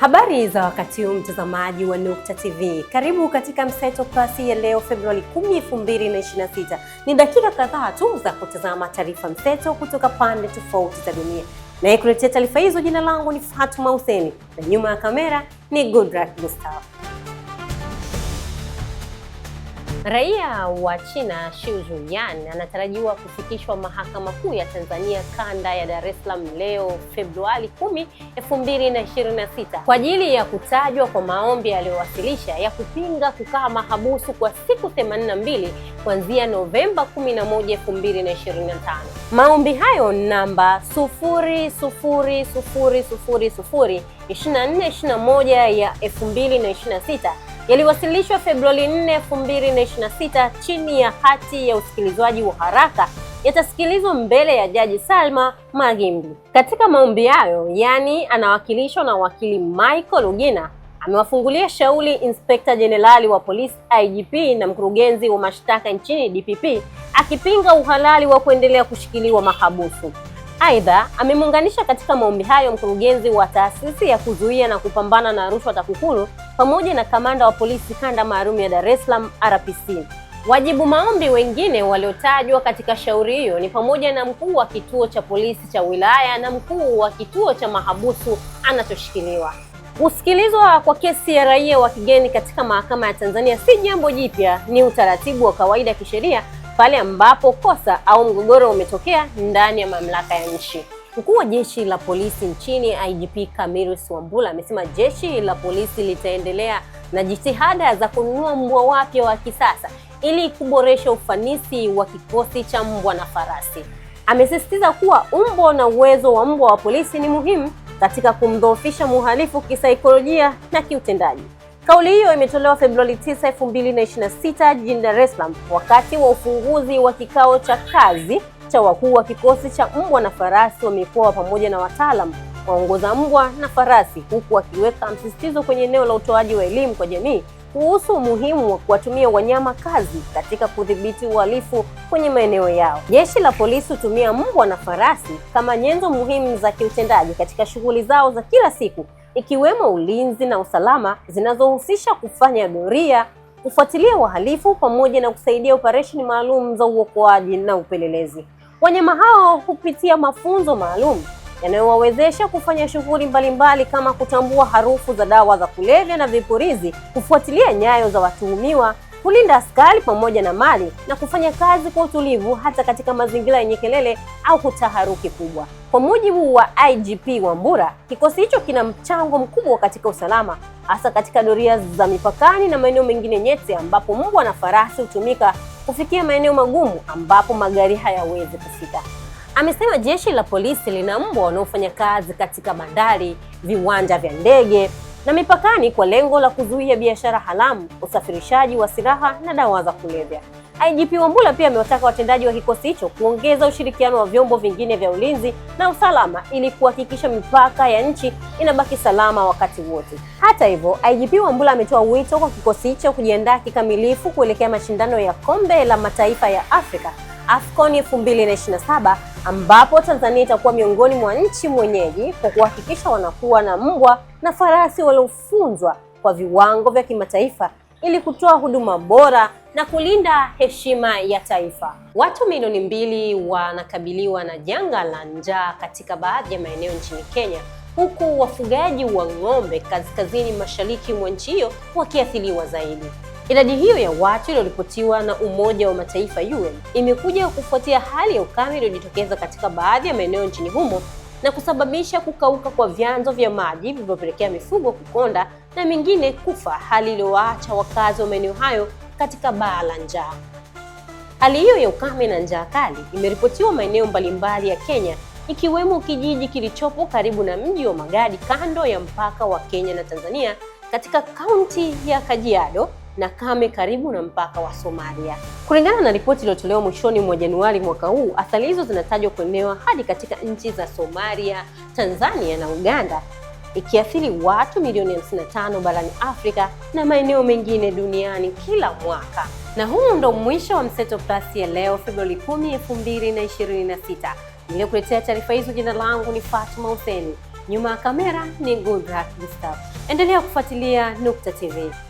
Habari za wakati huu mtazamaji wa Nukta TV, karibu katika Mseto Pasi ya leo Februari 10, 2026. Ni dakika kadhaa tu za kutazama taarifa mseto kutoka pande tofauti za dunia, nayekuletea taarifa hizo, jina langu ni Fatuma Huseni na nyuma ya kamera ni Goodrat Mustafa. Raia wa China Xu Zhuyan anatarajiwa kufikishwa Mahakama Kuu ya Tanzania Kanda ya Dar es Salaam leo Februari 10, 2026 kwa ajili ya kutajwa kwa maombi aliyowasilisha ya kupinga kukaa mahabusu kwa siku 82 kuanzia Novemba 11, 2025. Maombi hayo namba 21 ya 2026 yaliwasilishwa Februari 4, 2026 chini ya hati ya usikilizwaji wa haraka yatasikilizwa mbele ya Jaji Salma Magimbi. Katika maombi hayo, yani anawakilishwa na wakili Michael Ugina, amewafungulia shauri Inspekta Jenerali wa Polisi IGP na mkurugenzi wa mashtaka nchini DPP akipinga uhalali wa kuendelea kushikiliwa mahabusu. Aidha, amemuunganisha katika maombi hayo mkurugenzi wa taasisi ya kuzuia na kupambana na rushwa TAKUKURU pamoja na kamanda wa polisi kanda maalum ya Dar es Salaam RPC. Wajibu maombi wengine waliotajwa katika shauri hiyo ni pamoja na mkuu wa kituo cha polisi cha wilaya na mkuu wa kituo cha mahabusu anachoshikiliwa. Kusikilizwa kwa kesi ya raia wa kigeni katika mahakama ya Tanzania si jambo jipya, ni utaratibu wa kawaida kisheria pale ambapo kosa au mgogoro umetokea ndani ya mamlaka ya nchi. Mkuu wa jeshi la polisi nchini IGP Camillus Wambura amesema jeshi la polisi litaendelea na jitihada za kununua mbwa wapya wa kisasa ili kuboresha ufanisi wa kikosi cha mbwa na farasi. Amesisitiza kuwa umbo na uwezo wa mbwa wa polisi ni muhimu katika kumdhoofisha mhalifu kisaikolojia na kiutendaji. Kauli hiyo imetolewa Februari 9, 2026 jijini Dar es Salaam wakati wa ufunguzi wa kikao cha kazi cha wakuu wa kikosi cha mbwa na farasi wa mikoa pamoja na wataalam waongoza mbwa na farasi, huku akiweka msisitizo kwenye eneo la utoaji wa elimu kwa jamii kuhusu umuhimu wa kuwatumia wanyama kazi katika kudhibiti uhalifu kwenye maeneo yao. Jeshi la Polisi hutumia mbwa na farasi kama nyenzo muhimu za kiutendaji katika shughuli zao za kila siku ikiwemo ulinzi na usalama zinazohusisha kufanya doria, kufuatilia wahalifu pamoja na kusaidia operesheni maalum za uokoaji na upelelezi. Wanyama hao hupitia mafunzo maalum yanayowawezesha kufanya shughuli mbalimbali kama kutambua harufu za dawa za kulevya na vipurizi, kufuatilia nyayo za watuhumiwa kulinda askari pamoja na mali na kufanya kazi kwa utulivu hata katika mazingira yenye kelele au kutaharuki kubwa. Kwa mujibu wa IGP Wambura, kikosi hicho kina mchango mkubwa katika usalama, hasa katika doria za mipakani na maeneo mengine nyeti, ambapo mbwa na farasi hutumika kufikia maeneo magumu ambapo magari hayawezi kufika. Amesema jeshi la polisi lina mbwa wanaofanya kazi katika bandari, viwanja vya ndege na mipakani kwa lengo la kuzuia biashara haramu, usafirishaji wa silaha na dawa za kulevya. IGP Wambura pia amewataka watendaji wa kikosi hicho kuongeza ushirikiano wa vyombo vingine vya ulinzi na usalama ili kuhakikisha mipaka ya nchi inabaki salama wakati wote. Hata hivyo, IGP Wambura ametoa wito kwa kikosi hicho kujiandaa kikamilifu kuelekea mashindano ya Kombe la Mataifa ya Afrika AFCON 2027 ambapo Tanzania itakuwa miongoni mwa nchi mwenyeji kwa kuhakikisha wanakuwa na mbwa na farasi waliofunzwa kwa viwango vya kimataifa ili kutoa huduma bora na kulinda heshima ya taifa. Watu milioni mbili wanakabiliwa na janga la njaa katika baadhi ya maeneo nchini Kenya, huku wafugaji wa ng'ombe kaskazini mashariki mwa nchi hiyo wakiathiriwa zaidi. Idadi hiyo ya watu iliyoripotiwa na Umoja wa Mataifa UN imekuja kufuatia hali ya ukame iliyojitokeza katika baadhi ya maeneo nchini humo na kusababisha kukauka kwa vyanzo vya maji vilivyopelekea mifugo kukonda na mingine kufa, hali iliyowaacha wakazi wa maeneo hayo katika baa la njaa. Hali hiyo ya ukame na njaa kali imeripotiwa maeneo mbalimbali ya Kenya ikiwemo kijiji kilichopo karibu na mji wa Magadi kando ya mpaka wa Kenya na Tanzania katika kaunti ya Kajiado na kame karibu na mpaka wa Somalia. Kulingana na ripoti iliyotolewa mwishoni mwa Januari mwaka huu, athari hizo zinatajwa kuenewa hadi katika nchi za Somalia, Tanzania na Uganda, ikiathiri watu milioni 55 barani Afrika na maeneo mengine duniani kila mwaka. Na huu ndo mwisho wa Mseto Plus ya leo Februari 10, 2026. Niliyokuletea taarifa hizo, jina langu ni Fatuma Hussein, nyuma ya kamera ni Goodluck Gustav. Endelea kufuatilia Nukta TV.